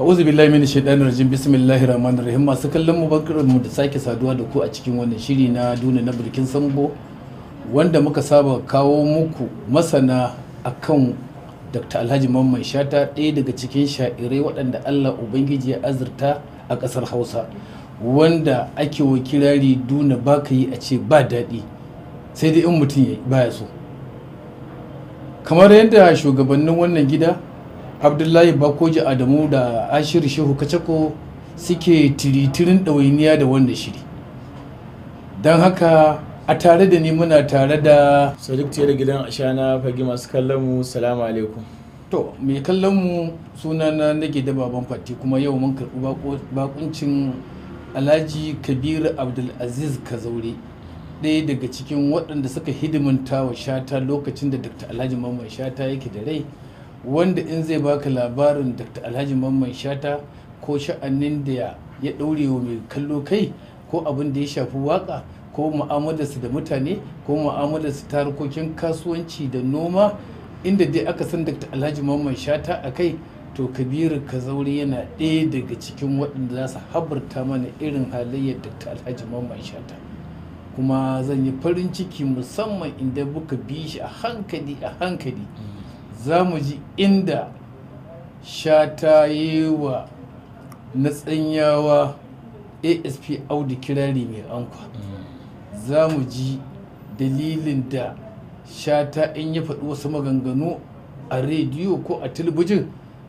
a'udhu billahi minash shaitanir rajim bismillahir rahmanir rahim masu kallon mu mu da sake saduwa da ku a cikin wannan shiri na duna na birkin sambo wanda muka saba kawo muku masana akan Dr. Alhaji Mamman Shata ɗaya daga cikin sha'irai waɗanda Allah Ubangiji ya azurta a ƙasar Hausa wanda ake wa kirari duna baka yi a ce ba daɗi sai dai in mutum ya baya so kamar yadda shugabannin wannan gida abdullahi bakoji adamu da ashir shehu kacako suke tiritirin ɗawainiya da wannan shiri don haka a tare da ni muna tare da sadiq da gidan ashana fagi masu kallon mu salamu alaikum to mai kallon mu sunana nake da baban fati kuma yau mun karɓi bakuncin alhaji kabir abdulaziz kazauri ɗaya daga cikin waɗanda suka hidimanta wa shata lokacin da dr alhaji mamman shata yake da rai wanda in zai baka labarin dr alhaji mamman shata ko sha'anin da ya ɗaure wa mai kallo kai ko abin da ya shafi waka ko mu'amalarsu da mutane ko mu'amalarsu ta harkokin kasuwanci da noma inda dai aka san dr alhaji mamman shata a kai to kabiru kazauri yana ɗaya daga cikin waɗanda za su habarta mana irin halayyar dr alhaji mamman shata kuma zan yi farin ciki musamman inda buka bi shi a hankali a hankali za mu ji inda shata yi wa na tsanyawa asp audu kirari mai ankwa za mu ji dalilin da shata in ya faɗi wasu maganganu a rediyo ko a talabijin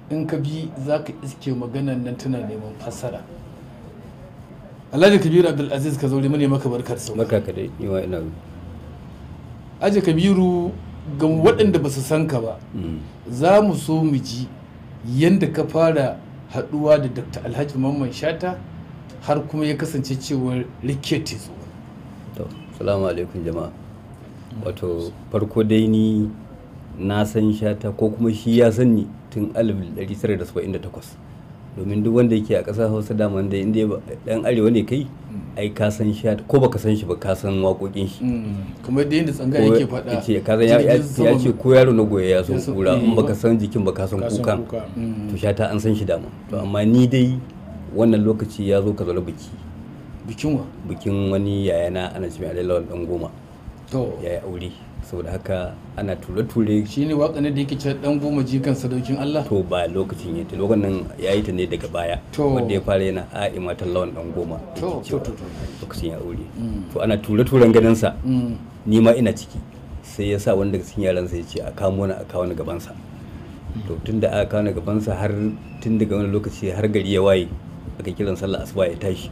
in ka bi za ka iske maganan nan tana neman fassara alhaji kabiru abdulaziz ka zaure mune maka barkar sau maka ina aji kabiru ga waɗanda ba su san ka ba za mu so mu ji yadda ka fara haɗuwa da dr alhaji mamman shata har kuma ya kasance cewar rikete zo to salamu alaikum jama'a wato farko dai ni na san shata ko kuma shi ya san ni tun 1978 domin duk wanda yake a ƙasar hausa dama da inda dan arewa ne kai mm. ai ka san shi ko baka san shi ba ka san waƙoƙin shi mm. kamar da inda tsanga yake faɗa ce ka san ya ce ko yaro na goya ya san kura in baka san jikin ba ka san kukan mm. to sha ta an san shi dama to amma ni dai wannan lokaci ya zo ka zo biki bikin wa bikin wani yayana ana cewa mai lawan dan goma to yaya aure saboda haka ana ture-ture shi ne waƙa da yake cewa dan goma jikan sadaukin Allah to ba lokacin ya lokacin ya yi ta ne daga baya wanda ya fara yana a'i matan lawan dan goma to to to lokacin ya aure mm. to ana ture-turen ganin sa mm. ni ma ina ciki sai ya sa wanda cikin yaran sa ya ce a kamo na a kawo na gaban sa mm. to tun da aka kawo na gaban sa har tun daga wani lokaci har gari ya waye aka kiran sallah asuba ya tashi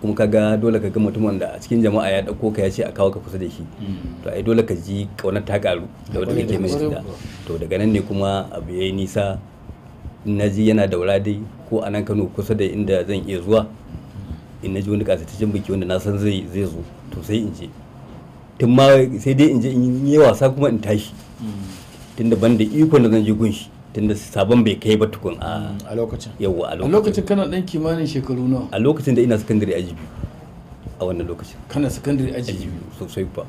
kuma kaga dole ka ga mutum wanda a cikin jama'a ya dauko ka ya ce a kawo ka kusa da shi mm. to ai dole ka ji kaunar ta karu da wanda kake mai da to daga nan ne kuma abu yayi nisa na ji yana daura dai ko a nan Kano kusa da inda zan iya zuwa in na ji wani kasataccen biki wanda na san zai zai zo to sai in je tun ma sai dai in je in yi wasa kuma in tashi mm. tun da ban da ikon da zan je gunshi tunda sabon bai kai ba tukun a lokacin yawa a lokacin kana dan kimanin shekaru nawa a lokacin da ina secondary a jibi a wannan lokacin kana secondary a jibi sosai ba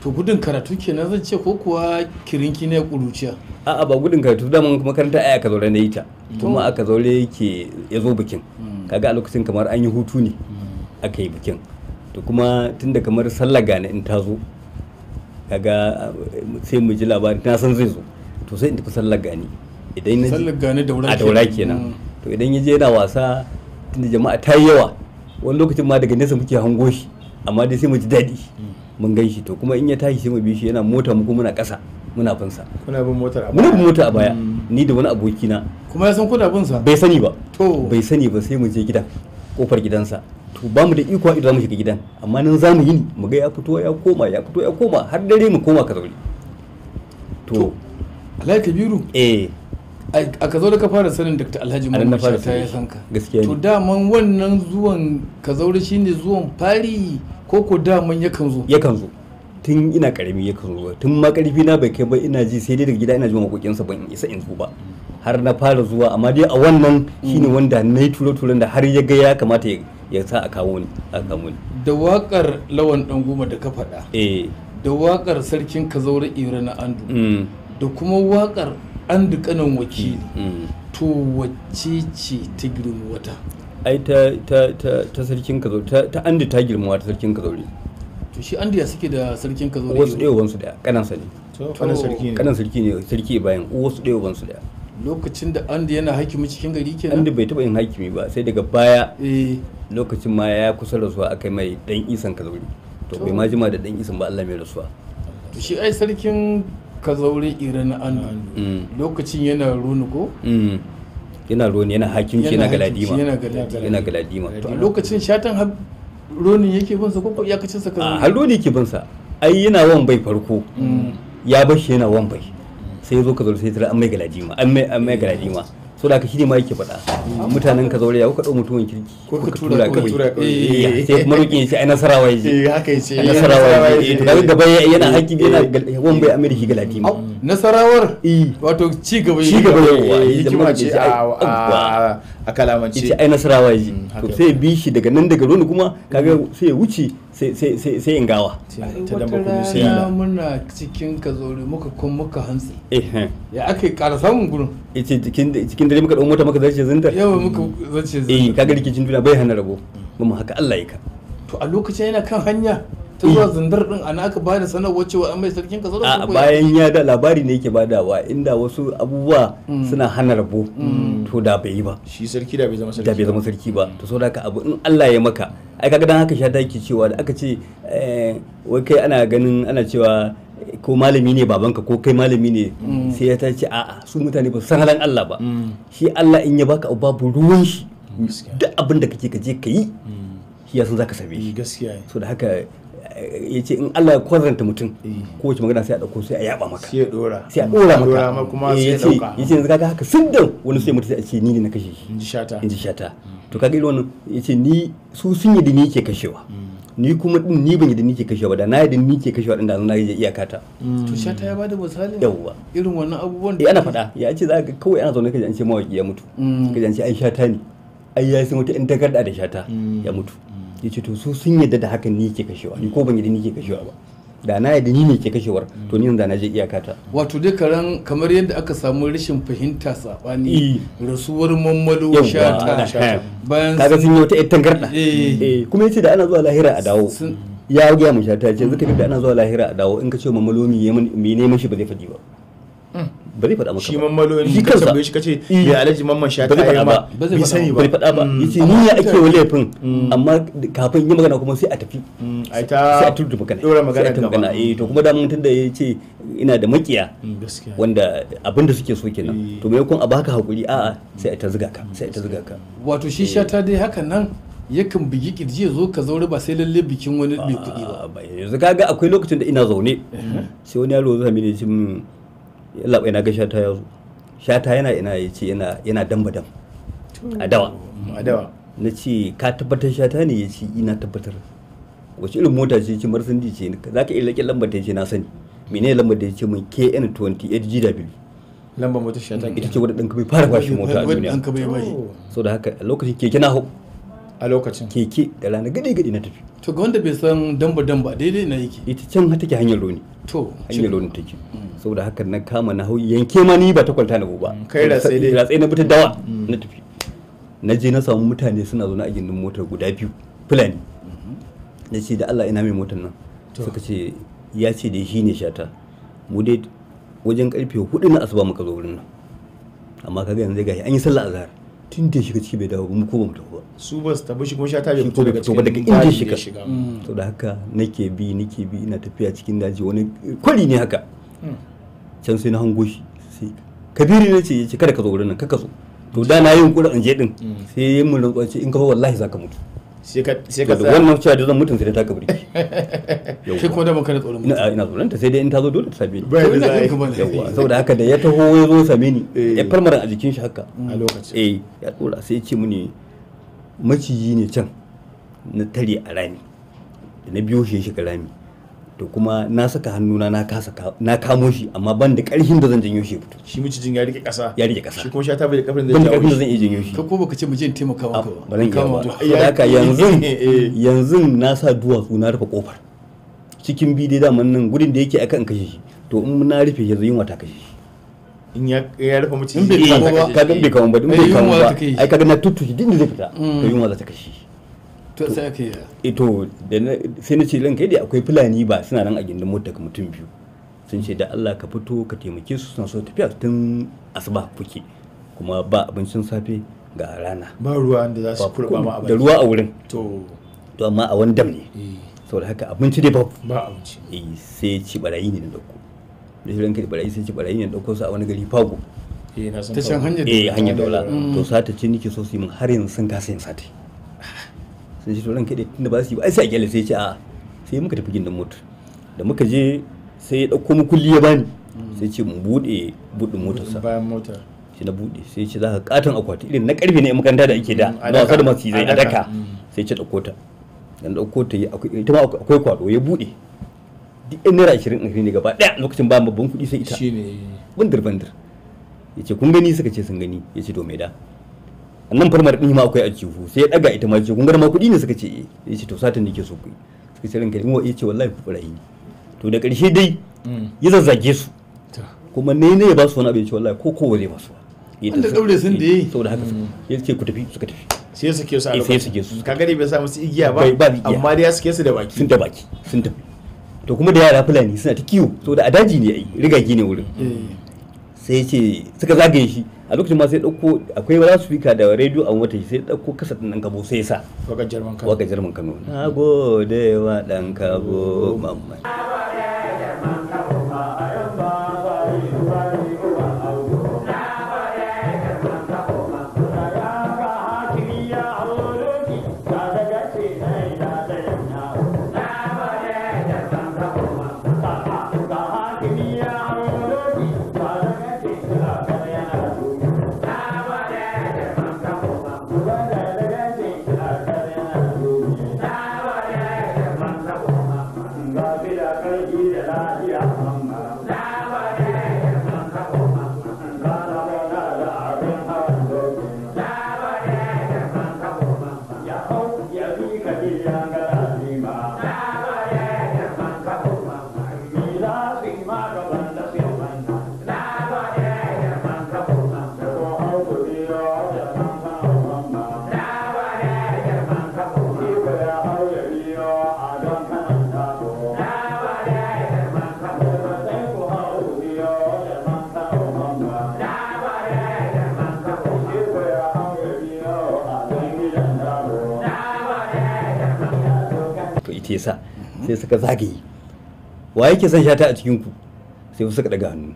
to gudun karatu kenan zan ce ko kuwa kirinki ne kuruciya a'a ba gudun karatu mun makaranta aya ka zaure na yi ta mm. kuma aka zaure yake ya zo bikin mm. kaga a lokacin kamar an yi hutu ne mm. aka yi bikin to kuma tunda kamar sallah gane in ta zo kaga eh, sai mu ji labarin na san zai zo to sai in tafi sallah gani idan na a daura kenan mm. to idan ya je yana wasa tunda jama'a ta yi yawa wani lokacin ma daga nesa muke hango shi amma dai sai mu ji daɗi mm. mun gan shi to kuma in ya tashi sai mu bi shi yana mota mu kuma muna ƙasa muna bin sa kuna bin motar a muna bin mota a baya mm. ni da wani aboki na kuma ya san kuna bin sa bai sani ba to bai sani ba sai mu je gidan kofar gidansa to ba mu da iko idan mu shiga gidan amma nan za mu yi mu ga ya fito ya koma ya fito ya koma har dare mu koma ka zaure to Alhaji biru eh a ka zo da ka fara sanin dr alhaji mai shata ya san ka to daman wannan zuwan ka zaure shine zuwan fari ko ko daman yakan zo yakan zo tun ina karami yakan zo tun ma karfi na bai kai ba ina ji sai dai daga gida ina ji makokin sa ban isa in zo ba har na fara zuwa amma dai a wannan shine wanda na yi turo turon da har ya ga ya kamata ya sa a kawo ni a kawo ni da wakar lawan dan goma da ka faɗa eh da wakar sarkin kazaure ira na andu mm. da kuma wakar an dukkanin wakili mm, mm. to wacce ce ta girma wata ai ta sarkin kazaure ta andi ta girma ta sarkin kazaure to shi andi ya suke da sarkin kazaure wasu su da kanan kanansa ne kanan sarki ne sarki bayan wasu dewan su da lokacin da andi yana hakimi cikin gari kenan andi bai taɓa yin hakimi ba sai daga baya eh. lokacin ma ya kusa rasuwa aka mai dan isan kazaure to bai ma jima da dan isan ba Allah mai rasuwa to shi ai sarkin ka zaure na an mm. lokacin yana runu ko mm. yana roni yana hakimci yana galadima yana galadima to a lokacin shatan har yake bin sa ko iyakacin sa kaza ah, har roni yake bin sa ai yana wan bai farko mm. ya bashi yana wan bai sai zo ka zo sai tara an mai galadima an mai galadima so da ka shi ne ma yake faɗa mutanen ka zaure ya kuka ɗau mutumin kirki ko ka tura ka tura kawai sai kuma roƙin shi ai nasara yaje eh haka yace nasara yaje eh, to kaga gaba yana eh, haƙi yana eh. wanda bai amiri shi ma nasarawar e. wato ci gaba ci gaba yayi jama'a ce a kalamance ita ai nasarawa yi mm, to sai bi shi daga nan daga roni kuma kaga mm. sai ya wuce sai in gawa ta damba kuma sai ya muna cikin ka zore muka kun muka hantsi ya aka ƙara samun gurin ita cikin cikin dare muka dau mota muka zace zinta yawa muka zace zinta eh kaga rikicin duniya bai hana rabo kuma haka Allah ya ka to a lokacin yana kan hanya ta zuwa zandar din ana aka ba da sanarwa cewa an mai sarkin kasar a bayan ya da labari ne yake badawa inda wasu abubuwa mm. suna hana rabo mm. to da bai yi ba shi sarki da bai zama sarki da bai zama sarki ba to saboda haka abu in Allah ya maka ai kaga dan haka sha take cewa da aka ce eh, wai kai ana ganin ana cewa ko malami ne babanka ko kai malami ne mm. sai ya ce a'a su mutane ba san halan Allah ba shi Allah in ya baka babu ruwan shi duk abin da kake ka je ka yi shi ya san zaka same shi gaskiya so da haka ya ce in Allah ya kwaranta mutum eh. ko wace magana sai a dauko sai a yaba maka sai a dora sai a dora maka dora maka kuma eh, sai ya dauka yace yanzu kaga haka sindan wani sai mutum sai a ce ni ne na kashe shi in shata in shata mm. to kaga irin wannan yace ni su sun yi da ni ke kashewa mm. ni kuma din ni ban yi da ni ke kashewa da na yi da ni ke kashewa din da na yi iyaka ta mm. to shata ya bada misali yawa irin wannan abubuwan da eh, ana faɗa ya ce za ka kawai ana zaune kaje an ce mawaki ya mutu kaje an ce ai shata ne ai ya sai wata in takarda da shata ya mutu ya ce to su sun yadda da hakan ni ke kashewa ni ko ban yadda ni ke kashewa ba da na yadda ni ne ke kashewar to ni da na je iyaka ta wato dai karan kamar yadda aka samu rashin fahimta sabani eh. rasuwar mammalo shata bayan kaga sun yi wata ittan garda eh. eh, kuma yace da ana zuwa lahira a dawo ya gaya mu shata ce zaka da ana zuwa lahira a dawo in ka ce mammalo mi ne shi ba zai faɗi ba ba zai faɗa maka shi mammalo ne ka tambaye shi kace eh, ya alaji mamman sha kai ba bai sani ba bari faɗa ba mm. yace ni ya ake wa laifin mm. amma kafin yi magana kuma sai a tafi mm. ai ta sai a tudu magana dora magana ta magana eh to kuma da mun tunda yace ina da makiya wanda abinda suke so kenan eh. to me kun a baka hakuri a sai a ta zuga ka sai a ta zuga ka wato shi eh. shata dai hakan nan yakan bigi kirji ya zo ka zaure ba sai lalle bikin wani mai kuɗi ba yanzu kaga akwai lokacin da ina zaune sai wani yaro zo mini ce labai na ga shata ya zo shata yana ina ya ce yana damba dam a dawa a dawa na ce ka tabbatar shata ne ya ce ina tabbatar wace irin mota ce ce marsandi ce za ka iya laƙin lambar ta ce na sani mene lambar da ya ce mun kn 28gw lambar motar shata ita ce wadda ɗan kabai fara bashi mota a duniya so da haka lokacin keke na hau a lokacin keke da rana gadi gadi na tafi to ga wanda bai san damba damba daidai na yake ita can ke hanyar roni to hanyar rodin take mm. saboda haka na kama na hau yanke ma ni ba ta kwalta na ba mm, kai ratsai dai ratsai na fita dawa mm. na tafi na je na samu mutane suna zaune a gindin motar guda biyu fulani mm-hmm. na ce da Allah ina mai motar nan suka ce ya ce da shi ne shata mu dai wajen karfe hudu na asuba muka zo wurin nan amma kaga yanzu gashi an yi sallah azhar tun da shiga ciki bai dawo mu ko ba mu ba su ba su tafi shi kuma sha ta bai fito daga cikin daga inda shiga to mm. da haka nake bi nake bi ina tafiya cikin daji wani kwari ne haka mm. can sai na hango shi sai kabiri ne ce ya ce kada ka zo wurin nan kaka zo to da na yi yunkurin an je din mm. sai mun rantsuwa ce in ka fa wallahi zaka mutu sai ka sai ka wannan cewa da zan mutunta da taka burki shi ko da ban kana tsoron ina ina tsoron ta sai dai in ta zo dole ta same ni ba da zai yawa saboda haka da ya taho ya zo same ni eh. ya farmara a jikin shi haka a lokacin eh ya tsora sai ya ce mini maciji ne can na tare a rami da na biyo shi shiga rami to kuma na saka hannuna na kasa na kamo shi amma ban da karfin da zan janyo shi fito shi mijin ya rike kasa ya rike kasa shi kuma shi ta bai da karfin da zan karfin da zan iya janyo shi ka ko baka ce mijin taimaka maka ah, ba zan iya ba haka yanzu eh, eh. yanzu na sa duwatsu na rufe kofar cikin bidai da nan gudin da yake akan kashe shi to in na rufe yanzu yunwa ta kashe shi in ya rufe mutum in bai kamo ba kaga bai kamo ba in bai eh, kamo ba ai kaga na shi din da zai fita to mm. yunwa za ta kashe shi to sai ake yi eh, to da sai na ce ranka dai akwai fulani ba suna nan a gindin mota ka mutum biyu sun ce da Allah ka fito ka taimake su suna so tafiya tun asuba kuke kuma ba abincin safe ga rana ba ruwa da za su kurba ma abinci da ruwa a wurin to to amma a wani dam ne eh. saboda haka abinci dai babu ba abinci eh sai ci barayi ne da dauko da shi ranka barayi sai ci barayi ne da dauko su a wani gari fago eh na ta can hanyar eh hanyar daula mm. to sata ce nike so su yi min har yanzu sun kasa yin sata sun shi ran kaɗe tunda ba su yi ba sai a gyale sai ce a sai muka tafi gindin mota da muka je sai ya ɗauko mukulli ya bani sai ce mu buɗe buɗin motarsa bayan mota shi na buɗe sai ce za ka katon akwati irin na karfe ne makaranta da ake da na hmm, wasa da masu zai a daka sai ce ɗauko ta dan ɗauko ta yi ita ma akwai kwaɗo ya buɗe duk yan naira ashirin ɗin ne gaba ɗaya lokacin ba babban kuɗi sai ita shi ne bandir bandir ya ce kun gani suka ce sun gani ya ce to me da nan farmar din ma akwai aljihu sai ya daga ita ma ce kun ma kudi ne suka ce eh yace to satin nake so ku suka ce ranka mu yace wallahi ku ne to da karshe dai mm. ya zazzage su kuma ne ne ya ba su wani abin ce wallahi ko kowa zai ba su da daure sun da eh, yi saboda haka mm. ya ce ku tafi suka tafi sai ke su a eh, sai su ke su ka gani bai sa musu igiya ba amma dai ya ke su da baki sun da baki sun tafi to kuma da yara fulani suna ta kiwo saboda a daji ne ai rigage ne wurin eh. sai ce suka zagaye shi a lokacin ma sai dauko akwai wani speaker da radio a wata sai dauko kasat nan kabo sai sa waka jarman kano waka jarman kano na gode wa dan kabo mamman sai suka zagaye wa yake san shata a cikin ku sai suka daga hannu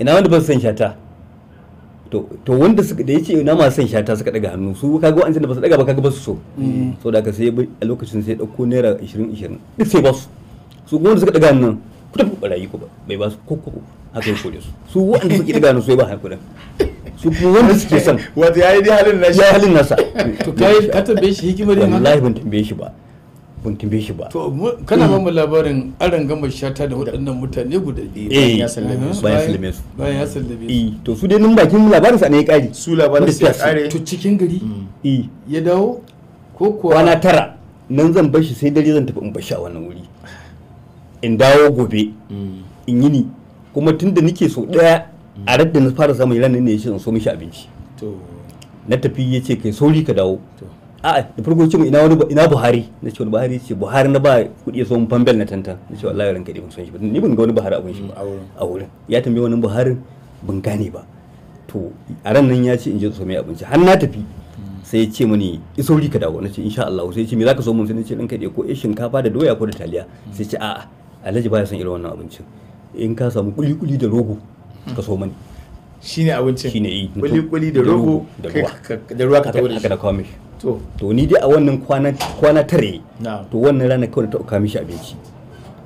ina wanda ba su san shata to wanda suka da yace ina masu san shata suka daga hannu su kaga wa'ancan da ba su daga ba kaga ba su so mm. so da ka sai a lokacin sai dauko naira 20 20 duk sai ba su su kuma wanda suka daga hannu ku tafi barayi ku ba bai ba su kokko haka yake kore su su wanda suke daga hannu sai ba hakurin su kuma wanda suke son wata yayi dai halin nasa ya halin nasa to kai ka tambaye shi hikimar yana wallahi ban tambaye shi ba ban tambaye shi ba to kana ba mu mm. labarin aran gama shata da waɗannan mutane guda biyu eh. bayan ya sallame su bayan sallame su bayan ya sallame su eh to su dai nan bakin labarin sa ne ya kare su labarin sa ya kare to cikin gari mm. eh ya dawo ko kuwa kwana tara nan zan bar shi sai dare zan tafi in bar shi a wannan wuri in dawo gobe mm. in yi ni kuma tunda nake so daya a radda na fara samun ranar ne ya ce in so mishi abinci na tafi ya ce kai sauri ka dawo a da farko ce ina wani ina Buhari na ce wani Buhari ce Buhari na ba kuɗi ya so mun fambel na tanta na ce wallahi ranka dai ban san shi ba ni ban ga wani Buhari a wurin shi ba a wurin ya tambaye wani Buhari ban gane ba to a ran nan ya ce in je so mai abinci har na tafi sai ya ce mini isauri ka dawo na ce insha Allah sai ya ce me zaka so mun sai na ce ranka dai ko eh shinkafa da doya ko da taliya sai ya ce a'a Alhaji baya son irin wannan abincin in ka samu kuli kuli da rogo ka so mani shine abincin shine yi eh, kuli kuli da rogo da ruwa ka tawo da shi to ni dai a wannan kwana tare to wannan rana kawai ta uka mishi abinci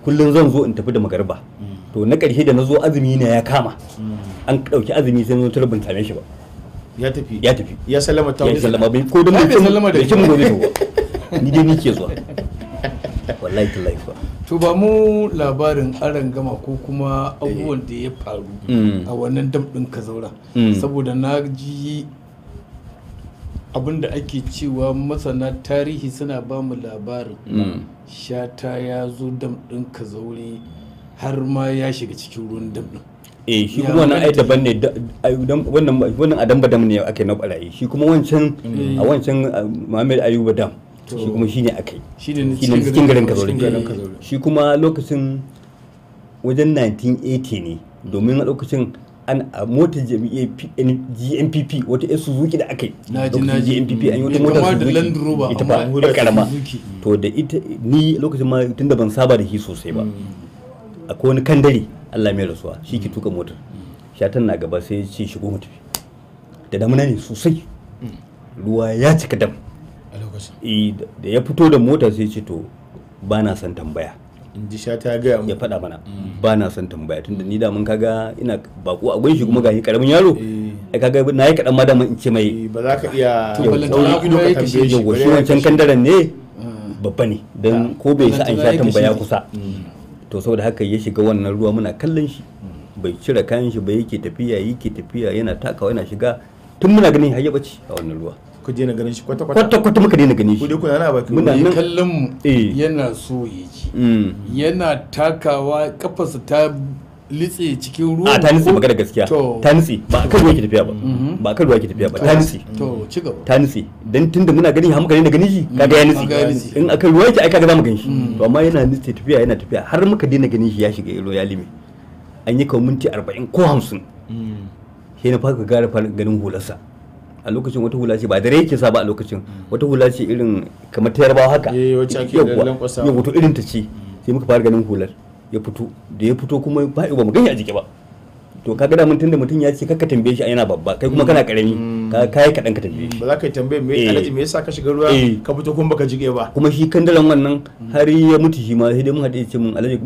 kullum zan zo in tafi da magarba mm. to na ƙarshe da na zo azumi na ya kama mm. an ɗauki azumi sai zo turbin same shi ba ya tafi ya tafi ya sallama ta wani sallama bai ko don bai sallama da kin gobe to ni dai ni ke zuwa wallahi to laifa to ba mu labarin aran gama ko kuma abubuwan eh. da ya faru mm. a wannan dam ɗin kazaura saboda na ji abin da ake cewa masana tarihi suna ba mu labarin mm. shata ya zo dam din ka zaure har ma ya shiga cikin ruwan dam ɗin eh shi kuma wannan ai daban ne wannan wannan a damba ne ake na barayi shi kuma wancan mm. a wancan Muhammad Ayuba dam shi kuma shine akai shi ne cikin garin Kazaure shi kuma lokacin wajen 1980 ne domin a lokacin an a mota jami'a GNPP wata yan Suzuki da aka yi lokacin gmpp an yi wata mota Suzuki ita ba ya karama to da ita ni lokacin ma tun da ban saba da shi sosai ba hmm. akwai wani kandare Allah mai rasuwa shi ke hmm. tuka motar hmm. shatan na gaba sai ce shigo mutu tafi da damuna ne sosai ruwa ya cika dam eh, da ya fito da mota sai ce to ba na son tambaya in ji sha ta gaya ya faɗa mana mm. ba na son tambaya tunda ni da mun kaga ina bako a gunshi kuma gani karamin yaro eh. ai kaga na yi kaɗan ma in ce mai eh, ba za ka iya tsauri ido ka tambaye shi shi wancan kandaran ne ah. babba ne dan ah. ko bai sa an sha tambaya kusa mm. to saboda haka ya shiga wannan ruwa muna kallon shi mm. bai cire kayan shi ba yake tafiya yake tafiya yana takawa yana shiga tun muna ganin har bace a wannan ruwa ku daina ganin shi kwata kwata kwata kwata muka daina ganin shi ku kuna na baki muna nan kallon mu eh. yana so ya ji mm. yana takawa kafarsa ta litse cikin ruwa a ta nitse magana gaskiya ta nitse ba a kan ruwa ke tafiya ba mm-hmm. ba a kan ruwa ke tafiya ba ta nitse to ci gaba ta nitse dan tunda muna gani har muka daina ganin shi mm. kaga ya nitse in akan ruwa ke ai kaga mu gani shi mm. to amma yana nitse tafiya yana tafiya har muka daina ganin shi ya shiga ilo ya lime an yi kawo minti 40 ko 50 sai na fara gara ganin hularsa a lokacin wata hula ce ba dare yake sa ba a lokacin wata hula ce irin kamar ta yarbawa haka ya eh, wato irin ta ce sai muka fara ganin hular ya fito da ya fito kuma ba ba mu ganye a jike ba to ka da mutum da mutum ya ce kakka tambaye shi a yana babba kai kuma kana mm. karami ka kai kadan ka tambaye shi ba za ka yi tambaye me eh. alaji me yasa ka shiga ruwa eh. ka fito kuma baka jike ba kuma shi kandalan wannan har ya mutu shi ma sai dai mun hade ce mun alaji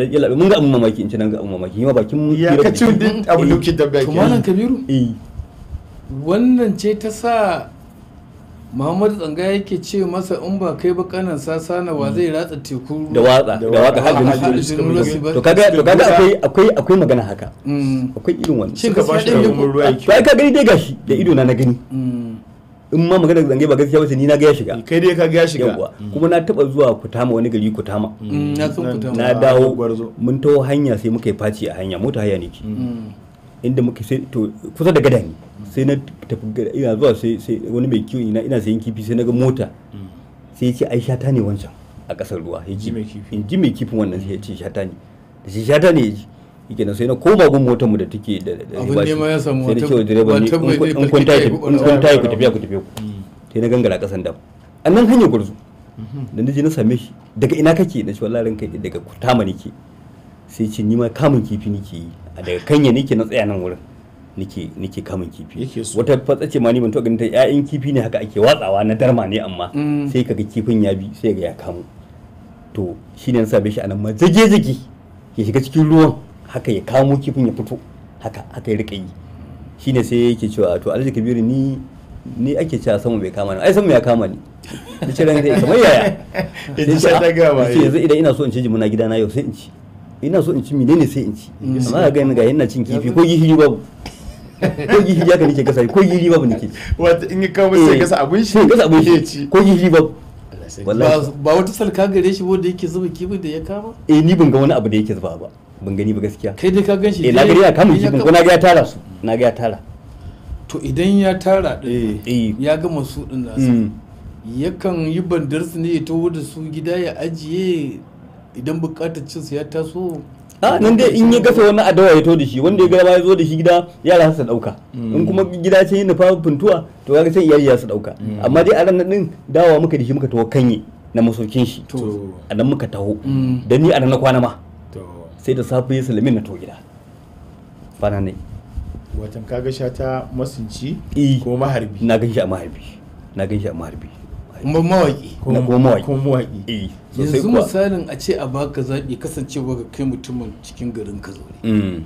alaji mun ga abun mamaki in ce nan ga abun mamaki ma bakin mu ya ka cin din abun dukin tambaye ki malam kabiru eh wannan ce ta sa muhammadu tsanga yake ce masa in ba kai ba kanan sasa na wa zai ratsa teku da watsa da watsa har to kaga to kaga akwai akwai akwai magana haka mm. akwai irin wannan shin ka bashi ruwan ruwa yake kai ka gani dai gashi da ido na na gani mm. in ma magana zange ba gaskiya ba ni na ga ya shiga kai dai ka ga ya shiga mm. kuma na taba zuwa kutama wani gari kutama na dawo mun taho hanya sai muka yi faci a hanya mota haya ne inda muka sai to kusa da gada ne sai na tafi ina zuwa sai wani mai kiwo ina ina sayan kifi sai na ga mota mm. sai ya ce ai shata ne wancan a kasar ruwa ya ji mai kifin wannan sai ya ce shata ne da shi shata ne ya ji yake sai na koma gun motar mu da take da da ba shi sai na ce wa direba ne in kun tayi in kun tayi ku tafiya ku tafiya ku mm. sai na gangara ƙasan dam a nan hanyar gurzu mm-hmm. da na je na same shi daga ina kake na ce wallahi ranka daga kutama nake sai ce ni ma kamun kifi nake yi a daga kanya nake na tsaya nan wurin nike kamun kifi wata fatsa ce ma ni ban ganin ta ƴaƴan kifi ne haka ake watsawa na darma ne amma mm. sai kaga kifin ya bi sai ga ya kamu to shine sa bai shi anan ma zage zage ya shiga cikin ruwan haka ya kamo kifin ya fito haka aka ya rika yi shine sai yake cewa to Alhaji Kabiru ni ni ake cewa samu bai kama ni ai samu ya kama ni ni ce ranka kamar yaya sai ta ga ba ah. yanzu idan ina so in ci jimuna gidana yau sai in ci ina so in ci menene sai in ci amma ga ga ina cin kifi ko gishiri babu ko gishiri ya gani ke gasa ko gishiri babu nake wato in ya kawo eh, sai gasa abun shi gasa abun shi ko gishiri babu ba wata salka gare shi wanda yake zuba kibin da ya kama eh ni ban ga wani abu da yake zuba ba ban gani ba gaskiya kai dai ka gan shi eh na gari ya kama kibin ko na ga ya tara su na ga ya tara to idan ya tara din eh. Eh. ya gama su din nasa mm. yakan yi bandar su ne ya taho da su gida ya ajiye idan bukatar cin su ya taso a nan dai in ya gasa wani adawa ya to da shi wanda ya gaba ya zo da shi gida yara su dauka hmm. in kuma gida ce yin fa funtuwa to ga sai iyali ya su dauka hmm. amma dai a ran nan dawa muka da shi muka tawo kanye na masaukin shi a nan muka taho hmm. da ni a nan na kwana ma sai da safe ya salamin na to gida fana ne watan kaga sha ta masunci eh. ko maharbi na gan shi a maharbi na gan shi a maharbi kuma mawaƙi na ko mawaki yanzu misalin a ce a baka zaɓi kasancewa ga kai mutumin cikin garin kazaure mm.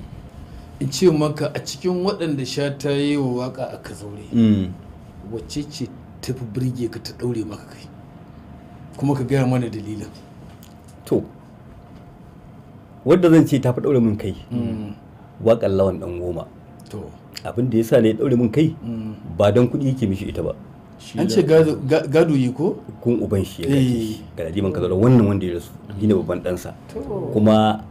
in ce maka a cikin waɗanda sha ta yi wa waka a kazaure mm. wacce ce tafi birge ka ta ɗaure maka kai kuma ka gaya mana dalilin to wadda zan ce ta fi ɗaure min kai mm. waƙar lawan ɗan goma abin da ya sa ne ya ɗaure min kai ba don kuɗi yake mishi ita ba an ce gado yi ko kun uban shi ya gaji eh. ga ladiman ka da wannan wanda ya rasu ne babban ɗansa kuma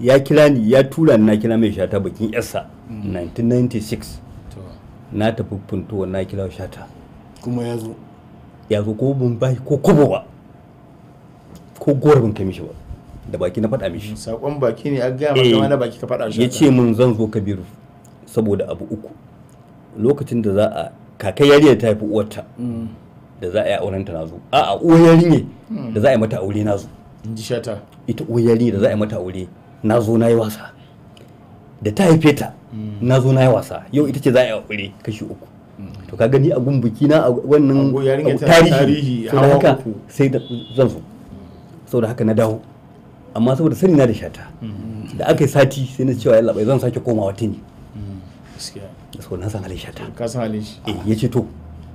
ya kira ni ya tura ni na kira mai shata bakin yarsa 1996 mm. na tafi puntowa na kira shata kuma ya zo ya zo ko bin ba ko kobo ba ko gowar bin kai ba da baki na faɗa mishi mm, sakon baki ne a gaya maka eh. na baki ka faɗa shi ya ce min zan zo kabiru saboda abu uku lokacin da za a kaka yarinya ta haifi uwarta da za a yi auren ta nazo a a uwar yarinya da za a yi mata aure nazo in ji shata ita uwar yarinya da za a yi mata aure nazo yi wasa da ta haife ta nazo yi wasa yau ita ce za a yi aure kashi uku to ka gani a gumbuki na a wannan tarihi saboda haka sai da zan so saboda haka na dawo amma saboda sani na da shata da aka yi sati sai na cewa yalla bai zan sake komawa tuni gaskiya so na san halin shata ka san halin eh yace to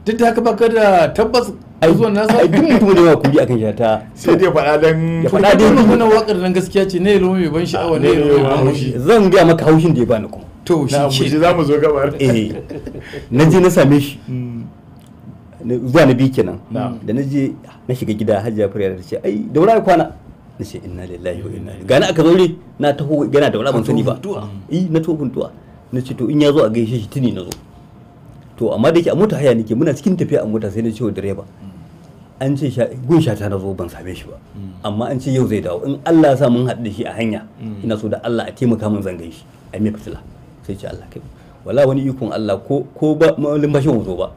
duk da haka baka da tabbas ai zuwan nasa ai duk mutum da yawa kuri akan shata sai dai faɗa dan ya faɗa dai mun wannan wakar nan gaskiya ce ne lomi ban sha'awa ah, ne lomi ban haushi zan ga maka haushin da ya bani ku. to shi ce za mu zo gabar eh na je na same shi hmm. zuwa na bi kenan da na je na shiga gida hajiya fariya ta ce ai da wura kwana na ce inna lillahi wa inna ilaihi gani aka zaure na taho gana da wura ban sani ba eh na taho buntuwa na ce to in ya zo a gaishe shi tuni na zo to amma da yake a mota haya nake muna cikin tafiya a mota sai na cewa direba an ce gun shata na zo ban same shi ba amma an ce yau zai dawo in Allah ya sa mun haɗu da shi a hanya ina so da Allah a taimaka mun zan gaishe a mai fitila sai ce Allah kai wala wani ikon Allah ko ko ba malin bashin zo ba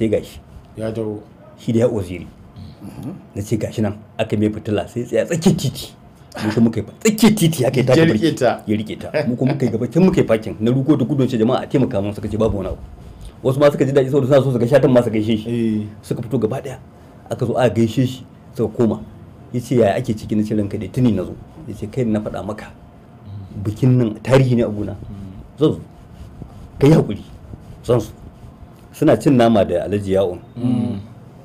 sai gashi ya dawo shi da ya oziri na ce gashi nan aka mai fitila sai tsaya tsakiyar titi mu muka yi tsakiyar titi aka ta barki ya rike ta mu kuma muka gaba can muka fakin na rugo da gudun ce jama'a a taimaka mun suka ce babu wani abu wasu ma suka ji daɗi saboda suna so su ga shatan ma su gaishe shi eh. suka fito gaba daya aka zo a gaishe shi suka koma ce yaya ake ciki na ce ranka dai tuni na zo ce kai na faɗa maka bikin nan tarihi ne a guna zan zo kai hakuri zan zo suna cin nama da alhaji ya'un mm.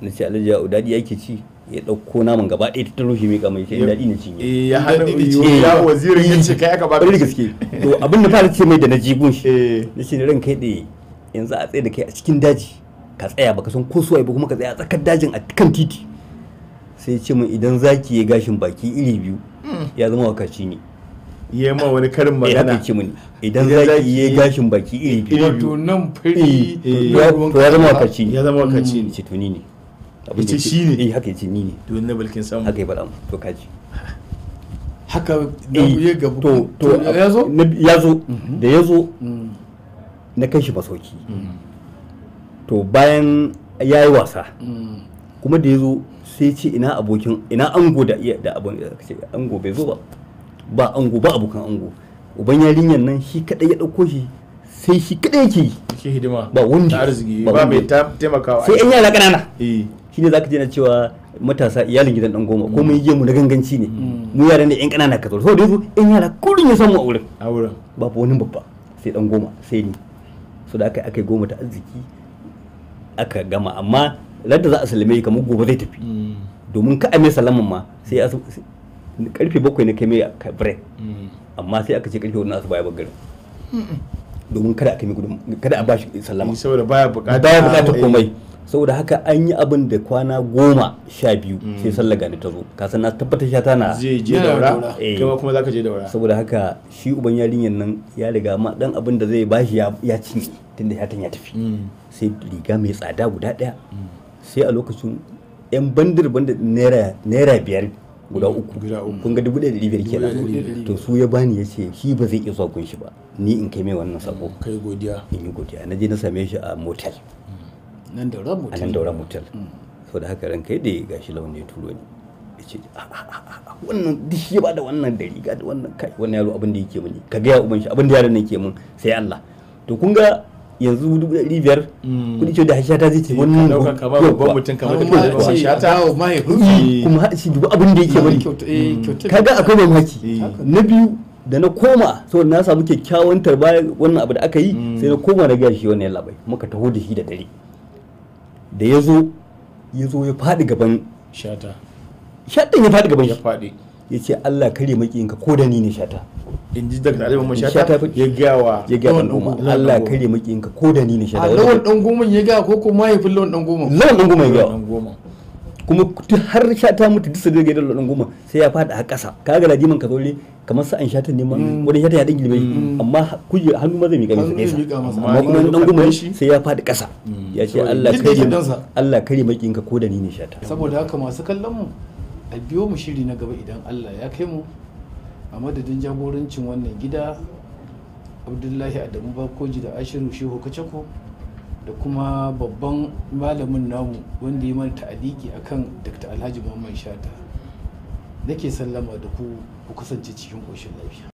na ce alhaji ya'u daɗi ake ci ya ɗauko naman gaba ɗaya ta rufe mai kamar kai daɗi na cinye eh, ya hana ya wazirin ya ce kai aka ba da gaske to abin da fara ce mai da na jigun shi eh. na ce ran kai ɗaya yanzu a tsaye da kai a cikin daji ka tsaya baka san ko suwaye ba kuma ka tsaya a tsakar dajin a kan titi sai ce min idan zaki ya gashin baki iri biyu hmm. ya zama wakaci ne ya ma wani karin eh, magana idan za ki idan zaki ya gashin baki iri biyu to nan fari ya zama wakaci ne ya zama wakaci hmm. ne ce tuni ne yace shine eh haka yace ni ne to na balkin samu haka ya faɗa mu to kaji haka da ya ga to to yazo yazo mm. da yazo na kai shi masauki mm. to bayan ya yi wasa mm. kuma da ya zo sai ce ina abokin ina ango da iya da abin ce ango bai zo ba ba ango ba abokan ango uban yarinyar nan shi kadai ya dauko shi sai shi kadai yake yi ba wanda ba mai taimakawa sai yan yara kanana eh. shine zaka ka na cewa matasa iyalin gidan dan goma ko mun yi mu na ganganci ne mm. mu yara ne yan kanana ka zo saboda yanzu in yara kullun ya samu a wurin a wurin babu wani babba sai dan goma sai ni so da aka aka goma ta arziki aka gama amma ladda za a salame kamar gobe zai tafi mm. domin ka ame salaman ma sai karfe bakwai na kai mai break mm. amma sai aka ce karfe wani asuba ya bagarin domin kada a kai gudun kada a bashi sallama saboda baya bukata komai saboda haka an yi abin da kwana goma sha biyu mm. sai sallar gani ta zo ka na tabbatar sha tana zai je daura eh. kuma kuma zaka je daura saboda haka shi uban yarinyar nan ya riga ma dan abin da zai bashi ya cinye tunda shatan ya tafi mm. sai riga mai tsada guda daya mm. sai a lokacin yan bandir bandir naira naira biyar guda uku kun ga dubu ɗaya da biyar kenan to su ya bani ya ce shi ba zai iya zuwa shi ba ni in kai mai wannan sako kai godiya in yi godiya na je na same shi a motel nan dauran mutum a nan dauran mutum so da mm. haka ranka yadda gashi lawan ya turo ne ya ce ah, ah, ah, wannan dishi ba da wannan da riga da wannan kai wannan yaro abin da yake mini ka ga ya uban shi abin da yaron nan ke mun sai Allah to kun ga yanzu dubu ɗari biyar mm. kuɗi ce da ta zai ce wannan babban mutum kamar da kuma hashata kuma shi dubu abin da yake wani eh, eh, mm. ga akwai mamaki eh. na biyu da na koma saboda na samu kyakkyawan tarba wannan abu da aka yi sai na koma na gashi wannan labai muka taho da shi da dare da ya zo ya zo ya faɗi gaban shata shatan ya faɗi gaban ya faɗi ya ce Allah kare makiyinka ko da ni ne shata in ji daga alimar mai shata ya gawa ya gawa dan goma Allah kare makiyinka ko da ni ne shata lawan dan goma ya gawa ko kuma ya fi lawan dan goma lawan dan goma ya gawa kuma har sha ta mutu duk da gaidar dalla goma sai ya fada a ƙasa kaga da jiman kazauri kamar sa'an sha ne ma mm. wani shata ya dan gilme mm. amma kuje hannu ma zai mika masa amma kuma dan goma sai ya fada ƙasa mm. ya ce Allah kare Allah kare ko da ni ne shata saboda haka masu kallon mu a biyo mu shiri na gaba idan Allah ya kai mu a madadin jagorancin wannan gida abdullahi adamu bakoji da ashiru shehu kacako da kuma babban malamin namu wanda ya mana ta'aliki akan dr alhaji muhammad shata nake sallama da ku ku kasance cikin ƙoshin lafiya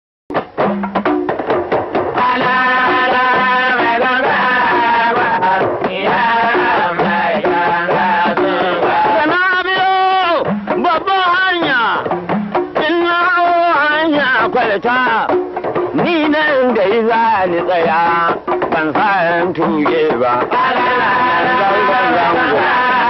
ni nan da yi za ni tsaya I'm to give.